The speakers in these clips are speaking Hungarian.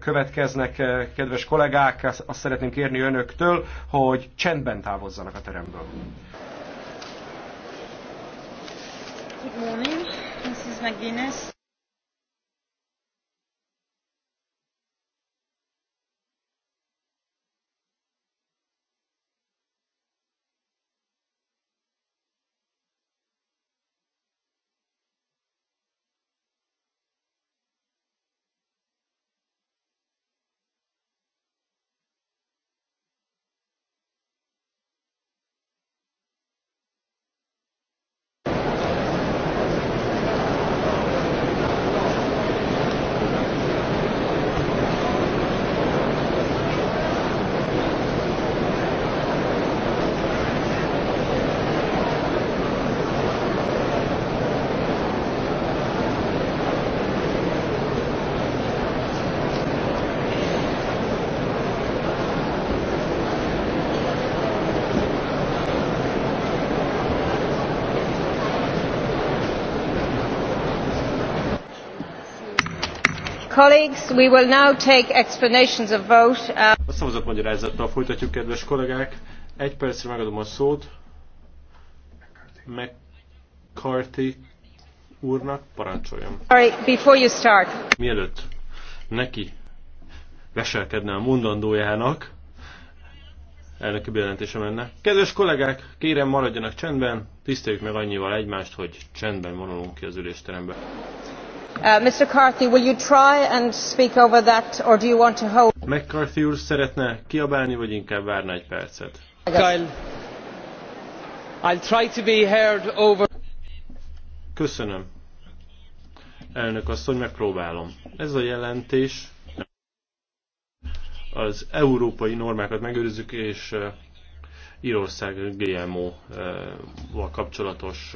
következnek. Eh, kedves kollégák, azt szeretném kérni önöktől, hogy csendben távozzanak a teremből. Good morning. Mrs. McGuinness. colleagues, we will uh, folytatjuk, kedves kollégák. Egy percre megadom a szót McCarthy úrnak, parancsoljon. before you start. Mielőtt neki veselkedne a mondandójának, elnöki bejelentése lenne. Kedves kollégák, kérem maradjanak csendben, tiszteljük meg annyival egymást, hogy csendben vonulunk ki az ülésterembe. Uh, Mr. will you try and speak over that, or do you want to hold? McCarthy úr szeretne kiabálni, vagy inkább várna egy percet? I'll try to be heard over... Köszönöm. Elnök asszony, megpróbálom. Ez a jelentés az európai normákat megőrizzük, és uh, Írország GMO-val uh, kapcsolatos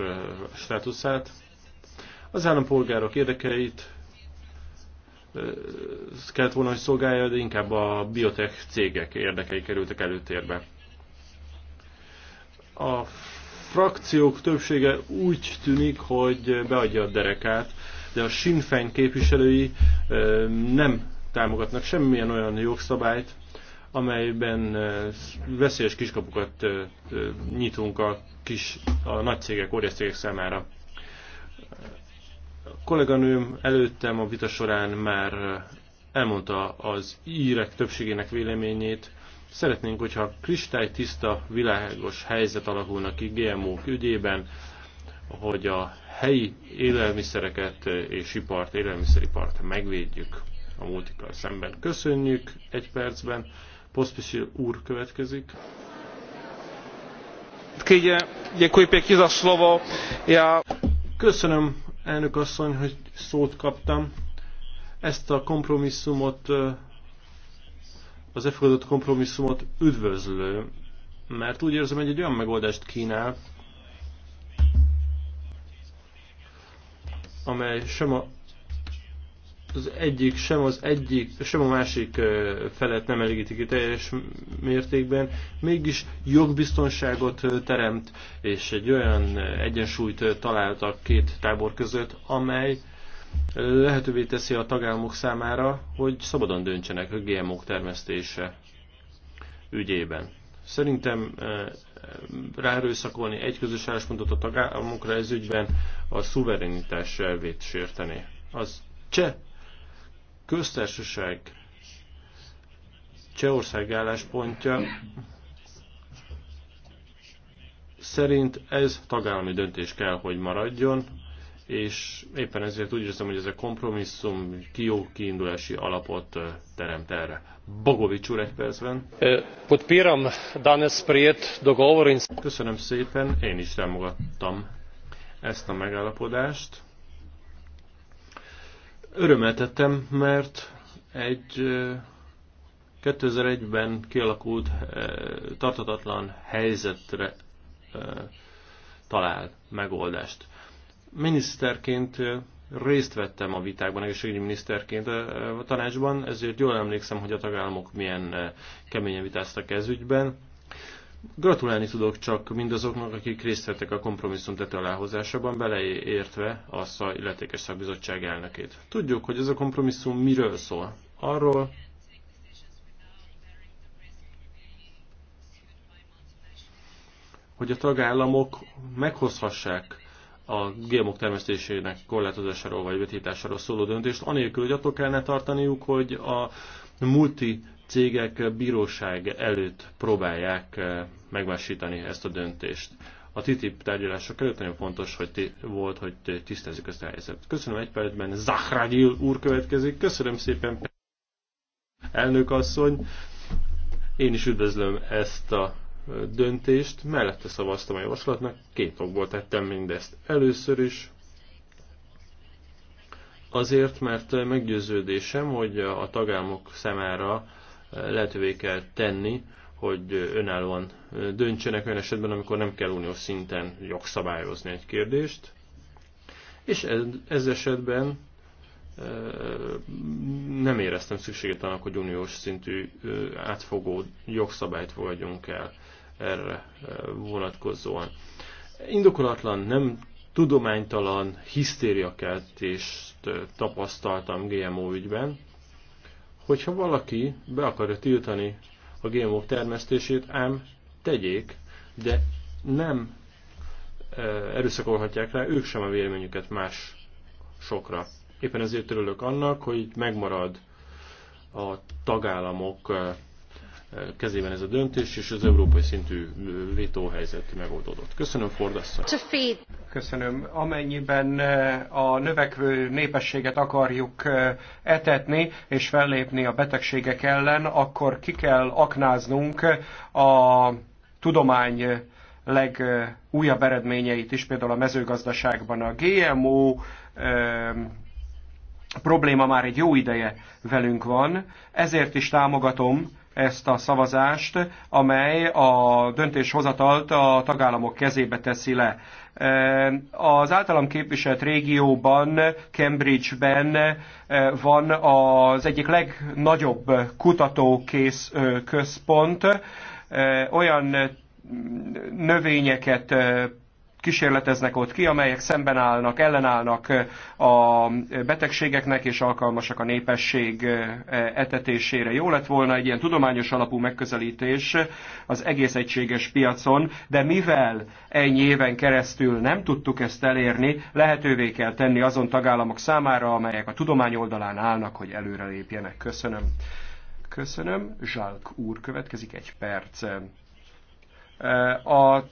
státuszát az állampolgárok érdekeit kellett volna, hogy szolgálja, de inkább a biotech cégek érdekei kerültek előtérbe. A frakciók többsége úgy tűnik, hogy beadja a derekát, de a Sinn Féin képviselői nem támogatnak semmilyen olyan jogszabályt, amelyben veszélyes kiskapukat nyitunk a, kis, a nagy cégek, óriás cégek számára kolléganőm előttem a vita során már elmondta az írek többségének véleményét. Szeretnénk, hogyha kristálytiszta, világos helyzet alakulna ki GMO-k ügyében, hogy a helyi élelmiszereket és ipart, élelmiszeripart megvédjük a múltikkal szemben. Köszönjük egy percben. Pospisil úr következik. Köszönöm elnök asszony, hogy szót kaptam. Ezt a kompromisszumot, az elfogadott kompromisszumot üdvözlő, mert úgy érzem, hogy egy olyan megoldást kínál, amely sem a az egyik, sem az egyik, sem a másik felet nem elégíti ki teljes mértékben, mégis jogbiztonságot teremt, és egy olyan egyensúlyt találtak két tábor között, amely lehetővé teszi a tagállamok számára, hogy szabadon döntsenek a GMO-k termesztése ügyében. Szerintem ráerőszakolni egy közös álláspontot a tagállamokra ez ügyben a szuverenitás elvét sérteni. Az cseh köztársaság Csehország álláspontja szerint ez tagállami döntés kell, hogy maradjon, és éppen ezért úgy érzem, hogy ez a kompromisszum kió kiindulási alapot teremt erre. Bogovics úr egy percben. Podpíram danes prijet dogovor. Köszönöm szépen, én is támogattam ezt a megállapodást örömeltettem, mert egy 2001-ben kialakult tartatatlan helyzetre talál megoldást. Miniszterként részt vettem a vitákban, egészségügyi miniszterként a tanácsban, ezért jól emlékszem, hogy a tagállamok milyen keményen vitáztak ez ügyben. Gratulálni tudok csak mindazoknak, akik részt vettek a kompromisszum tett aláhozásában, beleértve a szaj, illetékes szakbizottság elnökét. Tudjuk, hogy ez a kompromisszum miről szól. Arról, hogy a tagállamok meghozhassák a gémok termesztésének korlátozásáról vagy vetításáról szóló döntést, anélkül, hogy attól kellene tartaniuk, hogy a multi cégek bíróság előtt próbálják eh, megvásítani ezt a döntést. A TTIP tárgyalások előtt nagyon fontos hogy ti, volt, hogy tisztázzuk ezt a helyzetet. Köszönöm egy percben, Zahragyil úr következik. Köszönöm szépen, elnök asszony. Én is üdvözlöm ezt a döntést, mellette szavaztam a javaslatnak, két okból tettem mindezt. Először is azért, mert meggyőződésem, hogy a tagállamok számára lehetővé kell tenni, hogy önállóan döntsenek olyan esetben, amikor nem kell uniós szinten jogszabályozni egy kérdést. És ez, ez esetben e, nem éreztem szükséget annak, hogy uniós szintű e, átfogó jogszabályt fogadjunk el erre eh, vonatkozóan. Indokolatlan, nem tudománytalan hisztériakeltést eh, tapasztaltam GMO ügyben, hogyha valaki be akarja tiltani a GMO termesztését, ám tegyék, de nem eh, erőszakolhatják rá ők sem a véleményüket más sokra. Éppen ezért örülök annak, hogy megmarad a tagállamok kezében ez a döntés, és az európai szintű vétóhelyzet megoldódott. Köszönöm, Fordasszony. Köszönöm. Amennyiben eh, a növekvő népességet akarjuk eh, etetni és fellépni a betegségek ellen, akkor ki kell aknáznunk eh, a tudomány legújabb eredményeit is, például a mezőgazdaságban a GMO probléma már egy jó ideje velünk van, ezért is támogatom ezt a szavazást, amely a döntéshozatalt a tagállamok kezébe teszi le. E, az általam képviselt régióban, Cambridge-ben e, van az egyik legnagyobb kutatókész e, központ, olyan növényeket kísérleteznek ott ki, amelyek szemben állnak, ellenállnak a betegségeknek és alkalmasak a népesség e, etetésére. Jó lett volna egy ilyen tudományos alapú megközelítés az egész egységes piacon, de mivel ennyi éven keresztül nem tudtuk ezt elérni, lehetővé kell tenni azon tagállamok számára, amelyek a tudomány oldalán állnak, hogy előrelépjenek. Köszönöm. Köszönöm. Zsálk úr, következik egy perc. A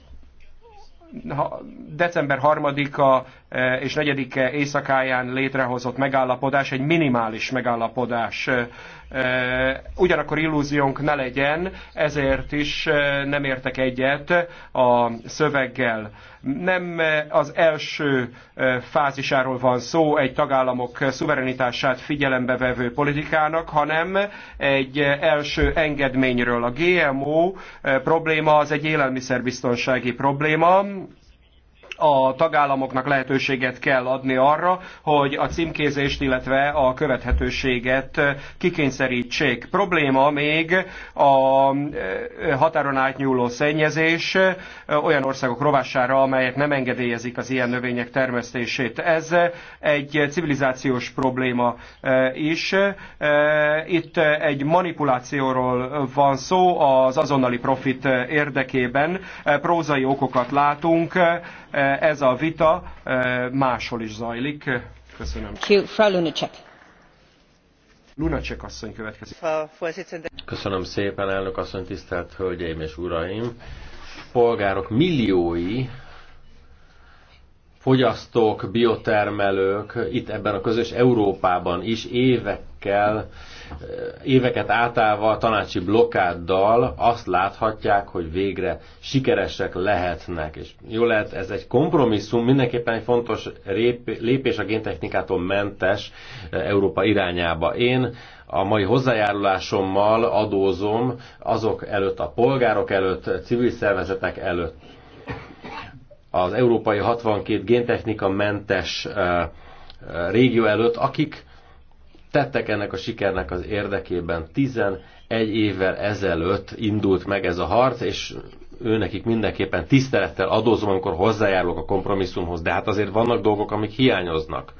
december 3-a e, és 4-e éjszakáján létrehozott megállapodás egy minimális megállapodás. E, Ugyanakkor illúziónk ne legyen, ezért is nem értek egyet a szöveggel. Nem az első fázisáról van szó egy tagállamok szuverenitását figyelembe vevő politikának, hanem egy első engedményről. A GMO probléma az egy élelmiszerbiztonsági probléma, a tagállamoknak lehetőséget kell adni arra, hogy a címkézést, illetve a követhetőséget kikényszerítsék. Probléma még a határon átnyúló szennyezés olyan országok rovására, amelyek nem engedélyezik az ilyen növények termesztését. Ez egy civilizációs probléma is. Itt egy manipulációról van szó az azonnali profit érdekében. Prózai okokat látunk, ez a vita máshol is zajlik. Köszönöm. Lunacek asszony következik. Köszönöm szépen, elnök asszony, tisztelt hölgyeim és uraim. Polgárok milliói fogyasztók, biotermelők itt ebben a közös Európában is évekkel, eh, éveket átállva tanácsi blokkáddal azt láthatják, hogy végre sikeresek lehetnek. És jó lehet, ez egy kompromisszum, mindenképpen egy fontos lépés a géntechnikától mentes eh, Európa irányába. Én a mai hozzájárulásommal adózom azok előtt, a polgárok előtt, civil szervezetek előtt, az európai 62 géntechnika mentes régió előtt, akik tettek ennek a sikernek az érdekében. 11 évvel ezelőtt indult meg ez a harc, és ő nekik mindenképpen tisztelettel adózom, amikor hozzájárulok a kompromisszumhoz, de hát azért vannak dolgok, amik hiányoznak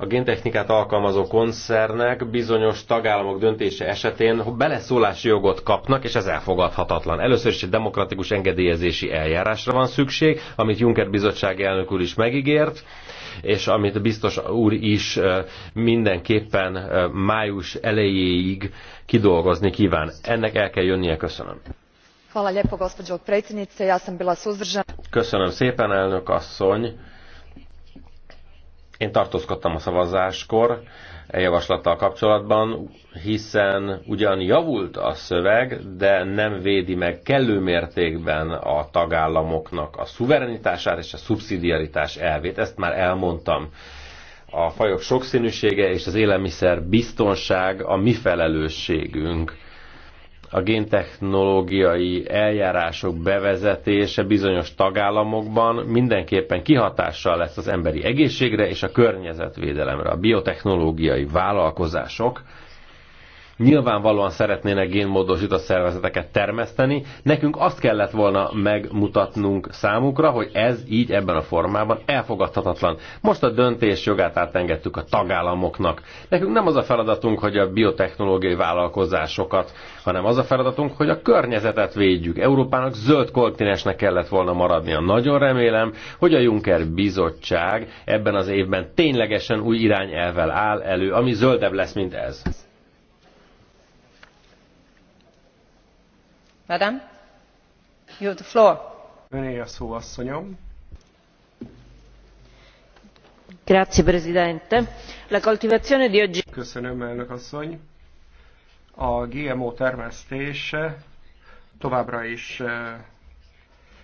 a géntechnikát alkalmazó koncernek bizonyos tagállamok döntése esetén beleszólási jogot kapnak, és ez elfogadhatatlan. Először is egy demokratikus engedélyezési eljárásra van szükség, amit Juncker bizottság elnök úr is megígért és amit biztos úr is mindenképpen május elejéig kidolgozni kíván. Ennek el kell jönnie, köszönöm. Köszönöm szépen, elnök asszony. Én tartózkodtam a szavazáskor e javaslattal kapcsolatban, hiszen ugyan javult a szöveg, de nem védi meg kellő mértékben a tagállamoknak a szuverenitását és a szubszidiaritás elvét. Ezt már elmondtam. A fajok sokszínűsége és az élelmiszer biztonság a mi felelősségünk a géntechnológiai eljárások bevezetése bizonyos tagállamokban mindenképpen kihatással lesz az emberi egészségre és a környezetvédelemre. A biotechnológiai vállalkozások nyilvánvalóan szeretnének génmódosított szervezeteket termeszteni. Nekünk azt kellett volna megmutatnunk számukra, hogy ez így ebben a formában elfogadhatatlan. Most a döntés jogát átengedtük a tagállamoknak. Nekünk nem az a feladatunk, hogy a biotechnológiai vállalkozásokat, hanem az a feladatunk, hogy a környezetet védjük. Európának zöld kontinensnek kellett volna maradnia. Nagyon remélem, hogy a Juncker bizottság ebben az évben ténylegesen új irányelvel áll elő, ami zöldebb lesz, mint ez. Madam, a Presidente. La Köszönöm, elnök asszony. A GMO termesztés továbbra is eh,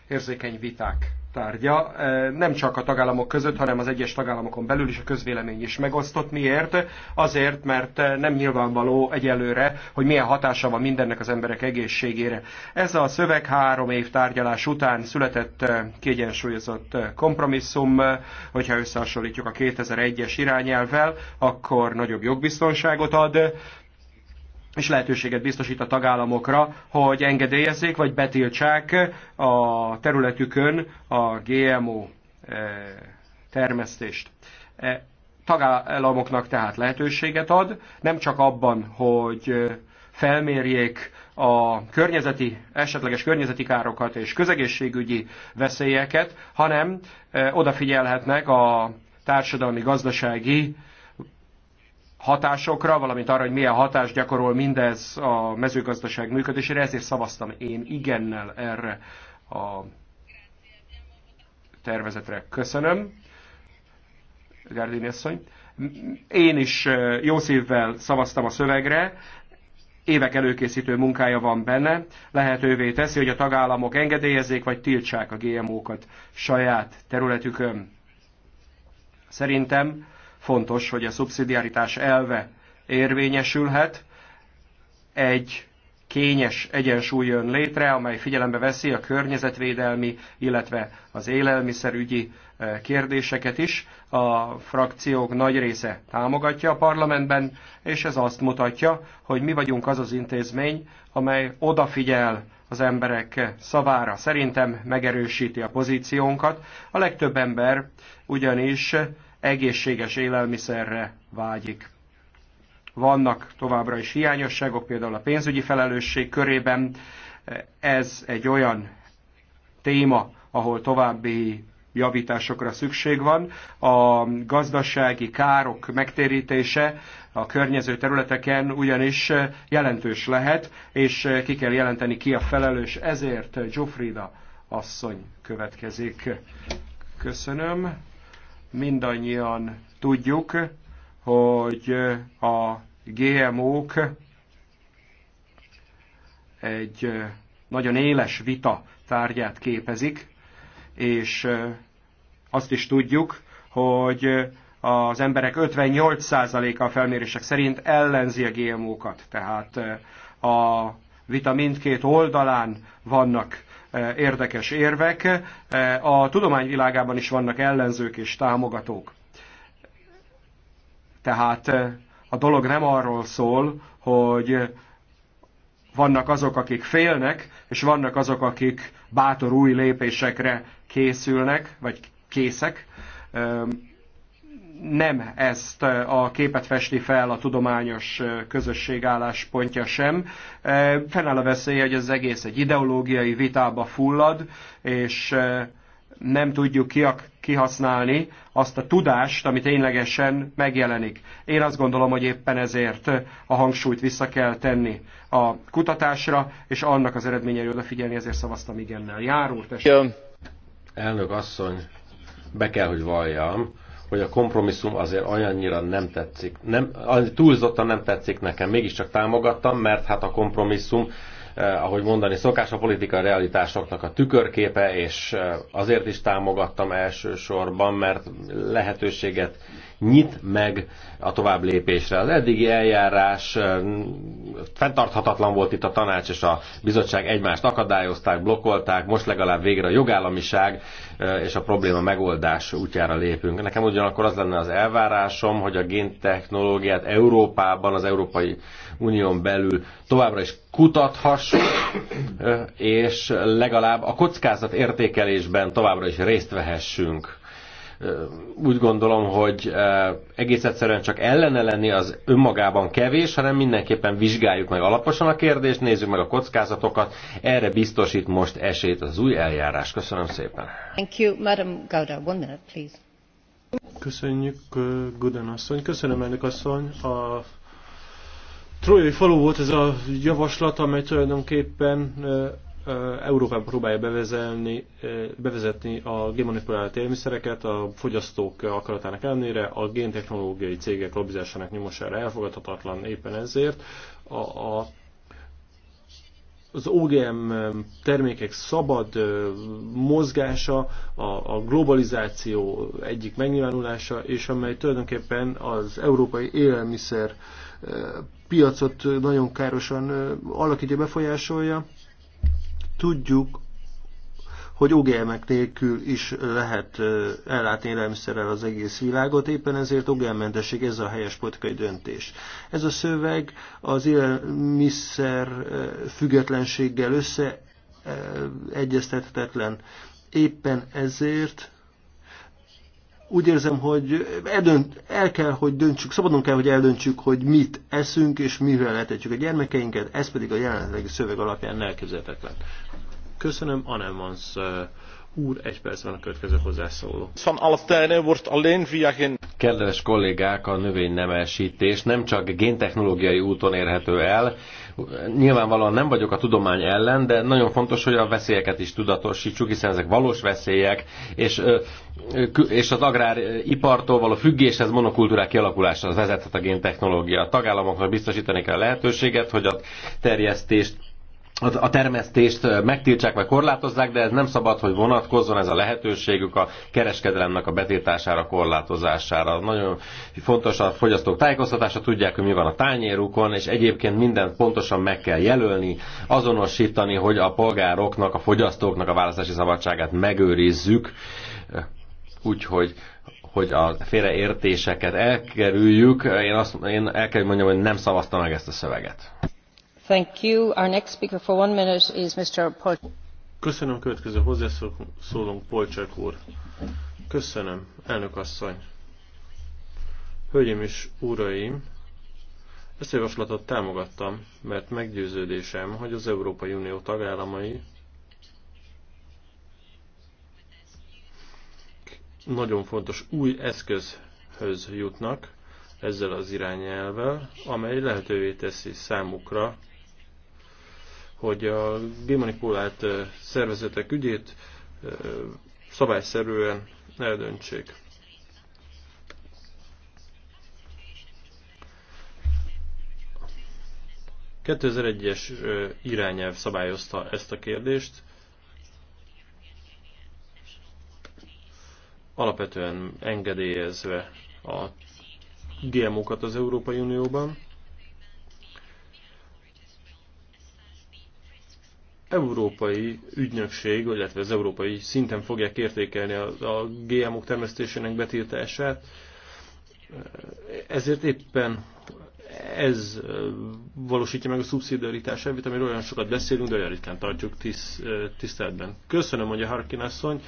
érzékeny viták tárgya, e, nem csak a tagállamok között, hanem az egyes tagállamokon belül is a közvélemény is megosztott. Miért? Azért, mert nem nyilvánvaló egyelőre, hogy milyen hatása van mindennek az emberek egészségére. Ez a szöveg három év tárgyalás után született e, kiegyensúlyozott e, kompromisszum, hogyha összehasonlítjuk a 2001-es irányelvvel, akkor nagyobb jogbiztonságot ad, és lehetőséget biztosít a tagállamokra, hogy engedélyezzék vagy betiltsák a területükön a GMO eh, termesztést. Eh, tagállamoknak tehát lehetőséget ad, nem csak abban, hogy eh, felmérjék a környezeti, esetleges környezeti károkat és közegészségügyi veszélyeket, hanem odafigyelhetnek a társadalmi, gazdasági hatásokra, valamint arra, hogy milyen hatást gyakorol mindez a mezőgazdaság működésére, ezért szavaztam én igennel erre a tervezetre. Köszönöm. Gárdini asszony. Én is jó szívvel szavaztam a szövegre, évek előkészítő munkája van benne, lehetővé teszi, hogy a tagállamok engedélyezzék vagy tiltsák a GMO-kat saját területükön. Szerintem fontos, hogy a szubszidiaritás elve érvényesülhet. Egy kényes egyensúly jön létre, amely figyelembe veszi a környezetvédelmi, illetve az élelmiszerügyi eh, kérdéseket is. A frakciók nagy része támogatja a parlamentben, és ez azt mutatja, hogy mi vagyunk az az intézmény, amely odafigyel az emberek szavára. Szerintem megerősíti a pozíciónkat. A legtöbb ember ugyanis egészséges élelmiszerre vágyik. Vannak továbbra is hiányosságok, például a pénzügyi felelősség körében. Ez egy olyan téma, ahol további javításokra szükség van. A gazdasági károk megtérítése a környező területeken ugyanis jelentős lehet, és ki kell jelenteni ki a felelős. Ezért Jofrida asszony következik. Köszönöm mindannyian tudjuk, hogy a GMO-k egy nagyon éles vita tárgyát képezik, és azt is tudjuk, hogy az emberek 58%-a a felmérések szerint ellenzi a GMO-kat. Tehát a vita mindkét oldalán vannak érdekes érvek. A tudományvilágában is vannak ellenzők és támogatók. Tehát a dolog nem arról szól, hogy vannak azok, akik félnek, és vannak azok, akik bátor új lépésekre készülnek, vagy készek nem ezt a képet festi fel a tudományos közösség álláspontja sem. Fennáll a veszély, hogy ez egész egy ideológiai vitába fullad, és nem tudjuk kihasználni azt a tudást, ami ténylegesen megjelenik. Én azt gondolom, hogy éppen ezért a hangsúlyt vissza kell tenni a kutatásra, és annak az eredményeire odafigyelni, ezért szavaztam igennel. Jár úr, Elnök asszony, be kell, hogy valljam, hogy a kompromisszum azért olyannyira nem tetszik. Nem, túlzottan nem tetszik nekem, mégiscsak támogattam, mert hát a kompromisszum, eh, ahogy mondani szokás, a politikai realitásoknak a tükörképe, és eh, azért is támogattam elsősorban, mert lehetőséget nyit meg a tovább lépésre. Az eddigi eljárás fenntarthatatlan volt itt a tanács és a bizottság egymást akadályozták, blokkolták, most legalább végre a jogállamiság és a probléma megoldás útjára lépünk. Nekem ugyanakkor az lenne az elvárásom, hogy a géntechnológiát Európában, az Európai Unión belül továbbra is kutathassuk, és legalább a kockázat értékelésben továbbra is részt vehessünk úgy gondolom, hogy egész egyszerűen csak ellene lenni az önmagában kevés, hanem mindenképpen vizsgáljuk meg alaposan a kérdést, nézzük meg a kockázatokat. Erre biztosít most esélyt az új eljárás. Köszönöm szépen. Thank you, Madam Gauda. One minute, please. Köszönjük, Guden asszony. Köszönöm, Ennek asszony. A trójai falu volt ez a javaslat, amely tulajdonképpen Európában próbálja bevezelni, bevezetni a génmanipulált élmiszereket a fogyasztók akaratának ellenére, a géntechnológiai cégek lobbizásának nyomására elfogadhatatlan éppen ezért. A, a, az OGM termékek szabad mozgása, a, a globalizáció egyik megnyilvánulása, és amely tulajdonképpen az európai élelmiszer piacot nagyon károsan alakítja, befolyásolja Tudjuk, hogy OGM-ek nélkül is lehet ellátni élelmiszerrel az egész világot, éppen ezért ogm ez a helyes politikai döntés. Ez a szöveg az élelmiszer függetlenséggel össze egyeztethetetlen. Éppen ezért úgy érzem, hogy eldönt, el kell, hogy döntsük, szabadon kell, hogy eldöntsük, hogy mit eszünk és mivel etetjük a gyermekeinket, ez pedig a jelenlegi szöveg alapján elképzelhetetlen. Köszönöm, Anemans uh, úr, egy van a következő hozzászóló. Van alle wordt alleen via geen... Kedves kollégák, a növénynemesítés nem csak géntechnológiai úton érhető el, Nyilvánvalóan nem vagyok a tudomány ellen, de nagyon fontos, hogy a veszélyeket is tudatosítsuk, hiszen ezek valós veszélyek, és, és az agráripartól való függéshez monokultúrák kialakulása vezethet a géntechnológia. A tagállamoknak biztosítani kell a lehetőséget, hogy a terjesztést a termesztést megtiltsák vagy korlátozzák, de ez nem szabad, hogy vonatkozzon ez a lehetőségük a kereskedelemnek a betiltására, korlátozására. Nagyon fontos a fogyasztók tájékoztatása, tudják, hogy mi van a tányérukon, és egyébként mindent pontosan meg kell jelölni, azonosítani, hogy a polgároknak, a fogyasztóknak a választási szabadságát megőrizzük, úgyhogy hogy a félreértéseket elkerüljük. Én, azt, én el kell mondjam, hogy nem szavaztam meg ezt a szöveget. Köszönöm, következő hozzászólunk Polcsák úr. Köszönöm, elnök asszony. Hölgyeim és uraim, ezt a javaslatot támogattam, mert meggyőződésem, hogy az Európai Unió tagállamai nagyon fontos új eszközhöz jutnak ezzel az irányelvvel amely lehetővé teszi számukra hogy a gémanipulált szervezetek ügyét szabályszerűen eldöntsék. A 2001-es irányelv szabályozta ezt a kérdést. Alapvetően engedélyezve a GMO-kat az Európai Unióban. európai ügynökség, illetve az európai szinten fogják értékelni a, a GMO-k termesztésének betiltását. Ezért éppen ez valósítja meg a szubszidiaritás elvét, amiről olyan sokat beszélünk, de olyan ritkán tartjuk tiszt, tiszteletben. Köszönöm, hogy a Harkin asszony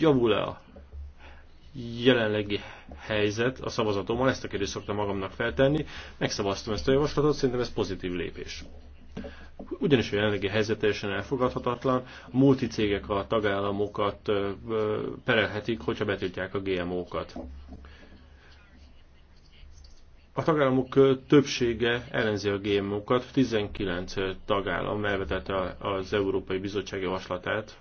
javul-e a jelenlegi helyzet a szavazatommal, ezt a kérdést szoktam magamnak feltenni, megszavaztam ezt a javaslatot, szerintem ez pozitív lépés. Ugyanis a jelenlegi helyzet teljesen elfogadhatatlan, a multicégek a tagállamokat perelhetik, hogyha betiltják a GMO-kat. A tagállamok többsége ellenzi a GMO-kat, 19 tagállam elvetette az Európai Bizottság javaslatát,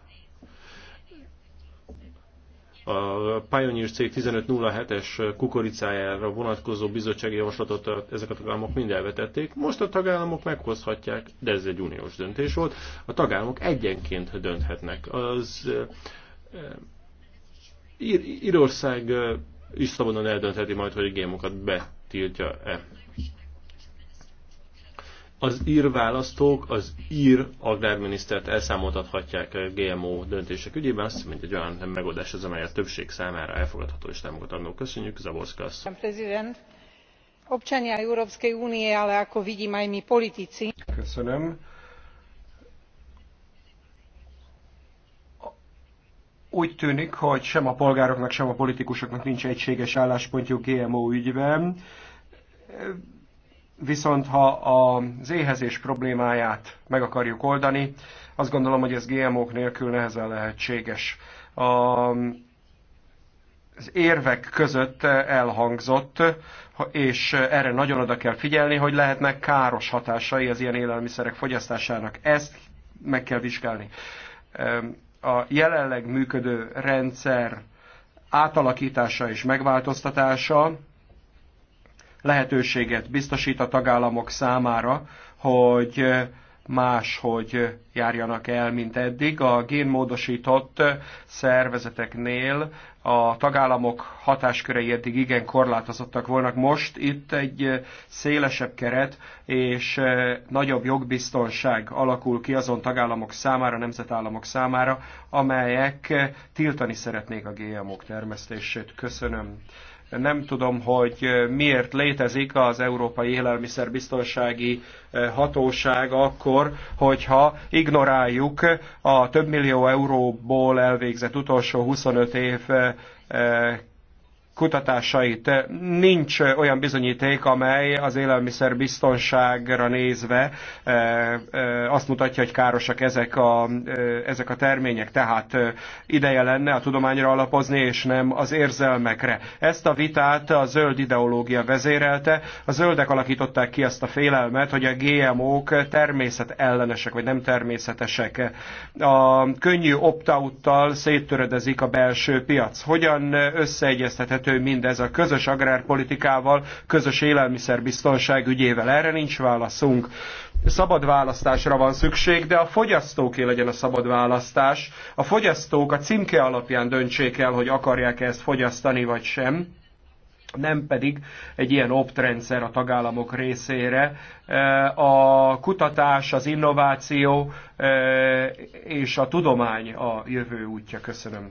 a Pioneer cég 1507-es kukoricájára vonatkozó bizottsági javaslatot ezek a tagállamok mind elvetették. Most a tagállamok meghozhatják, de ez egy uniós döntés volt. A tagállamok egyenként dönthetnek. Az eh, Írország eh, is szabadon eldöntheti majd, hogy a gémokat betiltja-e az ír választók az ír agrárminisztert elszámoltathatják a GMO döntések ügyében. Azt hiszem, hogy egy olyan megoldás az, amely a többség számára elfogadható és támogatandó. Köszönjük, Zaborszka občania Európskej únie, ale ako vidím aj my politici. Köszönöm. Úgy tűnik, hogy sem a polgároknak, sem a politikusoknak nincs egységes álláspontjuk GMO ügyben Viszont ha az éhezés problémáját meg akarjuk oldani, azt gondolom, hogy ez GMO-k nélkül nehezen lehetséges. A, az érvek között elhangzott, és erre nagyon oda kell figyelni, hogy lehetnek káros hatásai az ilyen élelmiszerek fogyasztásának. Ezt meg kell vizsgálni. A jelenleg működő rendszer átalakítása és megváltoztatása lehetőséget biztosít a tagállamok számára, hogy máshogy járjanak el, mint eddig. A génmódosított szervezeteknél a tagállamok hatáskörei eddig igen korlátozottak volnak. Most itt egy szélesebb keret és nagyobb jogbiztonság alakul ki azon tagállamok számára, nemzetállamok számára, amelyek tiltani szeretnék a GMO-k termesztését. Köszönöm. Nem tudom, hogy miért létezik az Európai Élelmiszerbiztonsági Hatóság akkor, hogyha ignoráljuk a több millió euróból elvégzett utolsó 25 év kutatásait. Nincs olyan bizonyíték, amely az élelmiszer biztonságra nézve eh, eh, azt mutatja, hogy károsak ezek a, eh, ezek a termények. Tehát ideje lenne a tudományra alapozni, és nem az érzelmekre. Ezt a vitát a zöld ideológia vezérelte. A zöldek alakították ki azt a félelmet, hogy a GMO-k természetellenesek, vagy nem természetesek. A könnyű opt-out-tal széttöredezik a belső piac. Hogyan összeegyeztethető összeköthető mindez a közös agrárpolitikával, közös élelmiszerbiztonság ügyével. Erre nincs válaszunk. Szabad választásra van szükség, de a fogyasztóké legyen a szabad választás. A fogyasztók a címke alapján döntsék el, hogy akarják-e ezt fogyasztani vagy sem nem pedig egy ilyen optrendszer a tagállamok részére. A kutatás, az innováció e, és a tudomány a jövő útja. Köszönöm.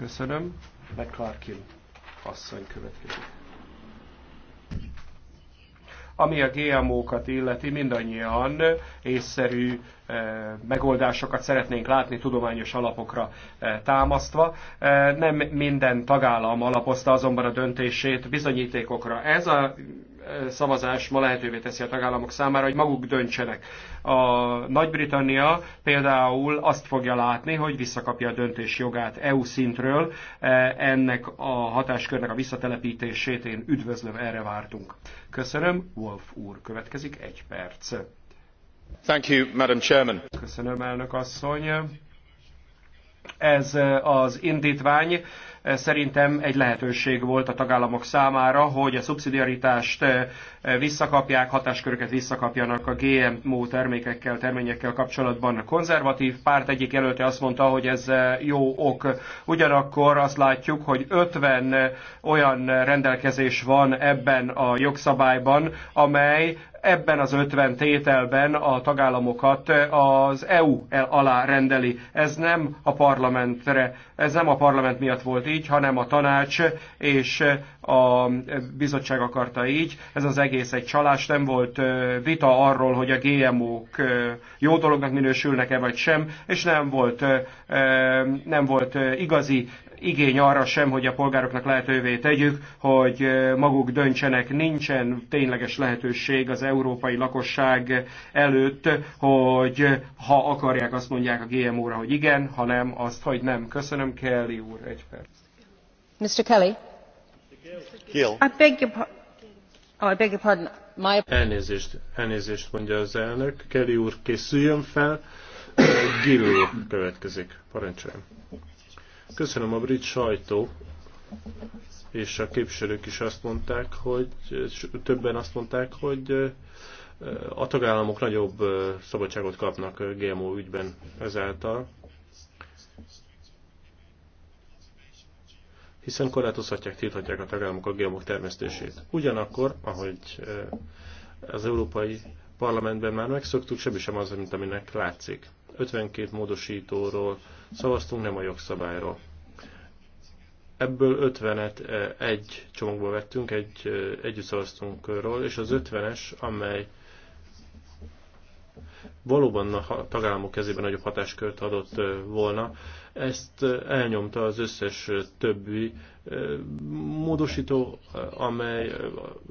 Köszönöm. McClarkin asszony következik. Ami a GMO-kat illeti, mindannyian észszerű eh, megoldásokat szeretnénk látni tudományos alapokra eh, támasztva. Eh, nem minden tagállam alapozta azonban a döntését bizonyítékokra. Ez a szavazás ma lehetővé teszi a tagállamok számára, hogy maguk döntsenek. A Nagy-Britannia például azt fogja látni, hogy visszakapja a döntés jogát EU szintről. E, ennek a hatáskörnek a visszatelepítését én üdvözlöm, erre vártunk. Köszönöm, Wolf úr. Következik egy perc. Thank you, Madam Chairman. Köszönöm, elnök asszony. Ez az indítvány szerintem egy lehetőség volt a tagállamok számára, hogy a szubszidiaritást eh, visszakapják, hatásköröket visszakapjanak a GMO termékekkel, terményekkel kapcsolatban. A konzervatív párt egyik jelölte azt mondta, hogy ez eh, jó ok. Ugyanakkor azt látjuk, hogy 50 eh, olyan rendelkezés van ebben a jogszabályban, amely ebben az 50 tételben a tagállamokat az EU alá rendeli. Ez nem a parlamentre, ez nem a parlament miatt volt így, hanem a tanács és a bizottság akarta így. Ez az egész egy csalás, nem volt vita arról, hogy a GMO-k jó dolognak minősülnek-e vagy sem, és nem volt, nem volt igazi igény arra sem, hogy a polgároknak lehetővé tegyük, hogy maguk döntsenek. Nincsen tényleges lehetőség az európai lakosság előtt, hogy ha akarják, azt mondják a GMO-ra, hogy igen, ha nem, azt, hogy nem. Köszönöm, Kelly úr, egy perc. Elnézést, mondja az elnök. Kelly úr, készüljön fel. Gill úr következik. Parancsoljon. Köszönöm a brit sajtó és a képviselők is azt mondták, hogy többen azt mondták, hogy a tagállamok nagyobb szabadságot kapnak GMO ügyben ezáltal hiszen korlátozhatják, tilthatják a tagállamok a gémok termesztését. Ugyanakkor, ahogy eh, az Európai Parlamentben már megszoktuk, semmi sem az, mint aminek látszik. 52 módosítóról szavaztunk, nem a jogszabályról. Ebből 50-et eh, egy csomagba vettünk, egy, eh, együtt szavaztunkról, és az 50-es, amely valóban a tagállamok kezében nagyobb hatáskört adott volna. Ezt elnyomta az összes többi módosító, amely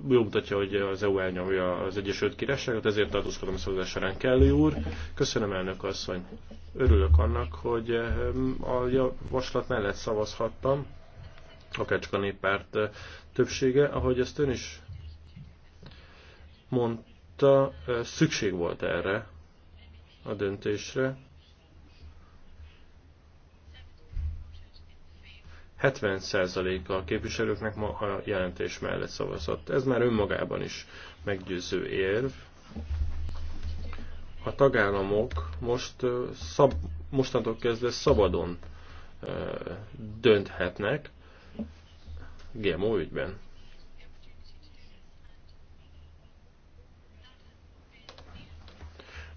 jól mutatja, hogy az EU elnyomja az Egyesült Királyságot, ezért tartózkodom a szavazás során úr. Köszönöm elnök asszony. Örülök annak, hogy a javaslat mellett szavazhattam, a a néppárt többsége, ahogy ezt ön is mondta, szükség volt erre, a döntésre. 70%-a a képviselőknek ma a jelentés mellett szavazott. Ez már önmagában is meggyőző érv. A tagállamok most szab, mostantól kezdve szabadon dönthetnek GMO ügyben.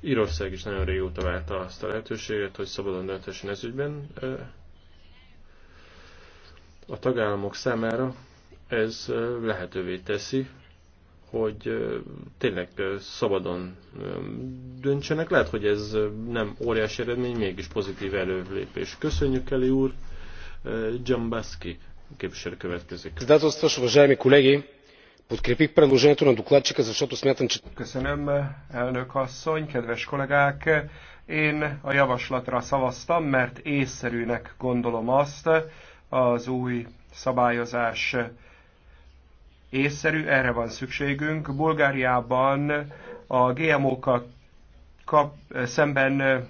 Írország is nagyon régóta várta azt a lehetőséget, hogy szabadon döntessen ez ügyben. A tagállamok számára ez lehetővé teszi, hogy tényleg szabadon döntsenek. Lehet, hogy ez nem óriási eredmény, mégis pozitív előlépés. Köszönjük, Eli úr! Dzsambaszki képviselő következik. Здравствуйте, уважаемые kollégi! Подкрепих предложението на докладчика, защото смятам, че... Köszönöm, elnök asszony, kedves kollégák! Én a javaslatra szavaztam, mert észszerűnek gondolom azt, az új szabályozás észszerű, erre van szükségünk. Bulgáriában a GMO-kkal kap, szemben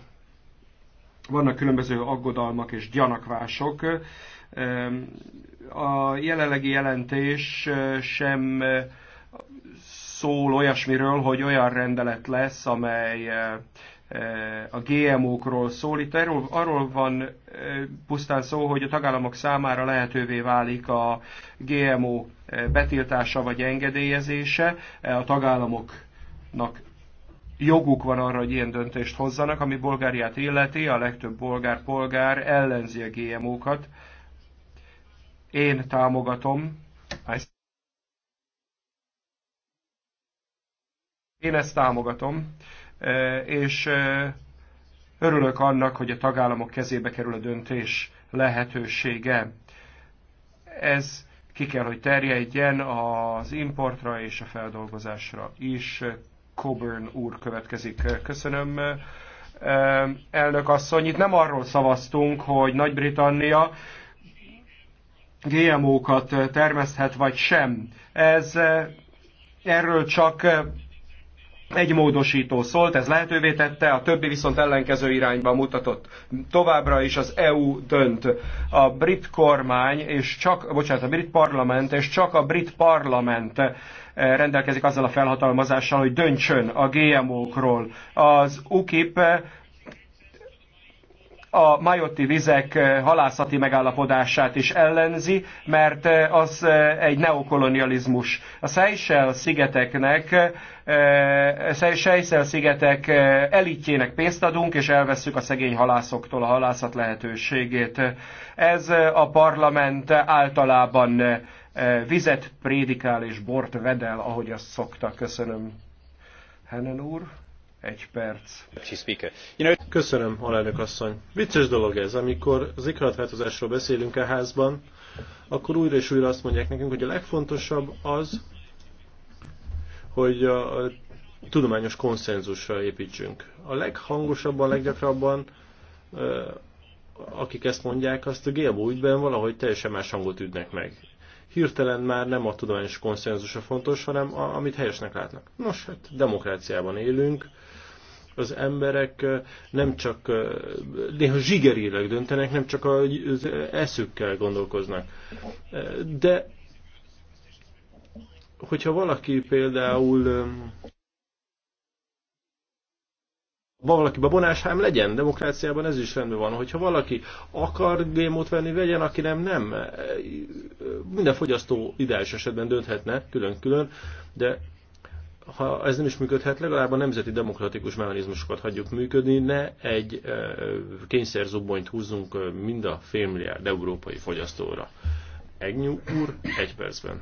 vannak különböző aggodalmak és gyanakvások. Ehm, a jelenlegi jelentés sem szól olyasmiről, hogy olyan rendelet lesz, amely a GMO-król szól. Itt erről, arról van pusztán szó, hogy a tagállamok számára lehetővé válik a GMO betiltása vagy engedélyezése. A tagállamoknak joguk van arra, hogy ilyen döntést hozzanak, ami bolgáriát illeti, a legtöbb bolgár polgár ellenzi a GMO-kat, én támogatom. Én ezt támogatom, és örülök annak, hogy a tagállamok kezébe kerül a döntés lehetősége. Ez ki kell, hogy terjedjen az importra és a feldolgozásra is. Coburn úr következik. Köszönöm. Elnök asszony, itt nem arról szavaztunk, hogy Nagy-Britannia GMO-kat termeszthet, vagy sem. Ez erről csak egy módosító szólt, ez lehetővé tette, a többi viszont ellenkező irányba mutatott. Továbbra is az EU dönt. A brit kormány, és csak, bocsánat, a brit parlament, és csak a brit parlament rendelkezik azzal a felhatalmazással, hogy döntsön a GMO-król. Az UKIP a majotti vizek eh, halászati megállapodását is ellenzi, mert eh, az eh, egy neokolonializmus. A Seychelles szigeteknek Seychelles szigetek elitjének pénzt adunk, és elveszük a szegény halászoktól a halászat lehetőségét. Ez a parlament általában vizet prédikál és bort vedel, ahogy azt szokta. Köszönöm. Hennen úr. Egy perc. Köszönöm, alelnök asszony. Vicces dolog ez, amikor az éghajlatváltozásról beszélünk a házban, akkor újra és újra azt mondják nekünk, hogy a legfontosabb az, hogy a tudományos konszenzusra építsünk. A leghangosabban, leggyakrabban akik ezt mondják, azt a Gélbó ügyben valahogy teljesen más hangot üdnek meg. Hirtelen már nem a tudományos konszenzusa a fontos, hanem a, amit helyesnek látnak. Nos, hát demokráciában élünk, az emberek nem csak néha zsigerileg döntenek, nem csak az eszükkel gondolkoznak. De hogyha valaki például valaki babonáshám legyen, demokráciában ez is rendben van. Hogyha valaki akar gémot venni, vegyen, aki nem, nem. Minden fogyasztó ideális esetben dönthetne külön-külön, de ha ez nem is működhet, legalább a nemzeti demokratikus mechanizmusokat hagyjuk működni, ne egy kényszerzubbonyt húzzunk mind a félmilliárd európai fogyasztóra. Egnyú úr, egy percben.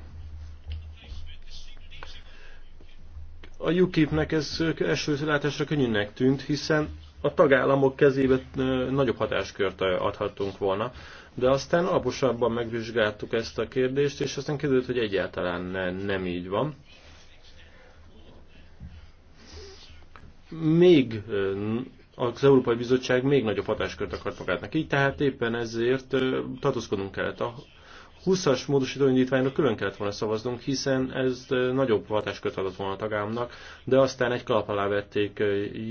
A UKIP-nek ez első látásra könnyűnek tűnt, hiszen a tagállamok kezébe nagyobb hatáskört adhattunk volna, de aztán alaposabban megvizsgáltuk ezt a kérdést, és aztán kiderült, hogy egyáltalán nem így van még az Európai Bizottság még nagyobb hatáskört akart magátnak. Így tehát éppen ezért tartózkodnunk kellett. A 20-as módosító indítványra külön kellett volna szavaznunk, hiszen ez nagyobb hatáskört adott volna a tagállamnak, de aztán egy kalap alá vették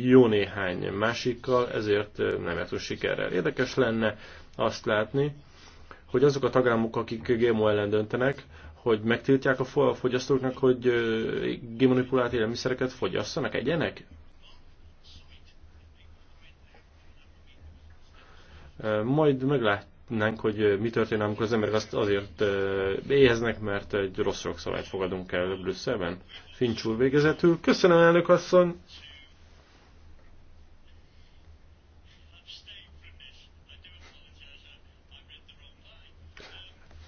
jó néhány másikkal, ezért nem jártunk sikerrel. Érdekes lenne azt látni, hogy azok a tagállamok, akik GMO ellen döntenek, hogy megtiltják a fogyasztóknak, hogy gémanipulált élelmiszereket fogyasszanak, egyenek? Majd meglátnánk, hogy mi történik, amikor az emberek azt azért éheznek, mert egy rossz jogszabályt fogadunk el Brüsszelben. Fincs úr végezetül. Köszönöm, elnök asszony!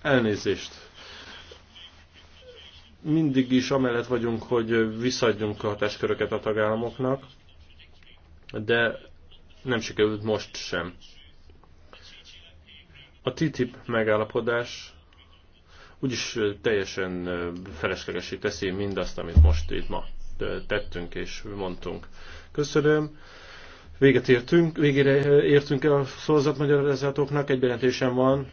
Elnézést! Mindig is amellett vagyunk, hogy visszaadjunk a hatásköröket a tagállamoknak, de nem sikerült most sem. A TTIP megállapodás úgyis teljesen feleslegesé teszi mindazt, amit most itt ma tettünk és mondtunk. Köszönöm. Véget értünk, végére értünk el a szózatmagyarázatoknak, egy bejelentésem van,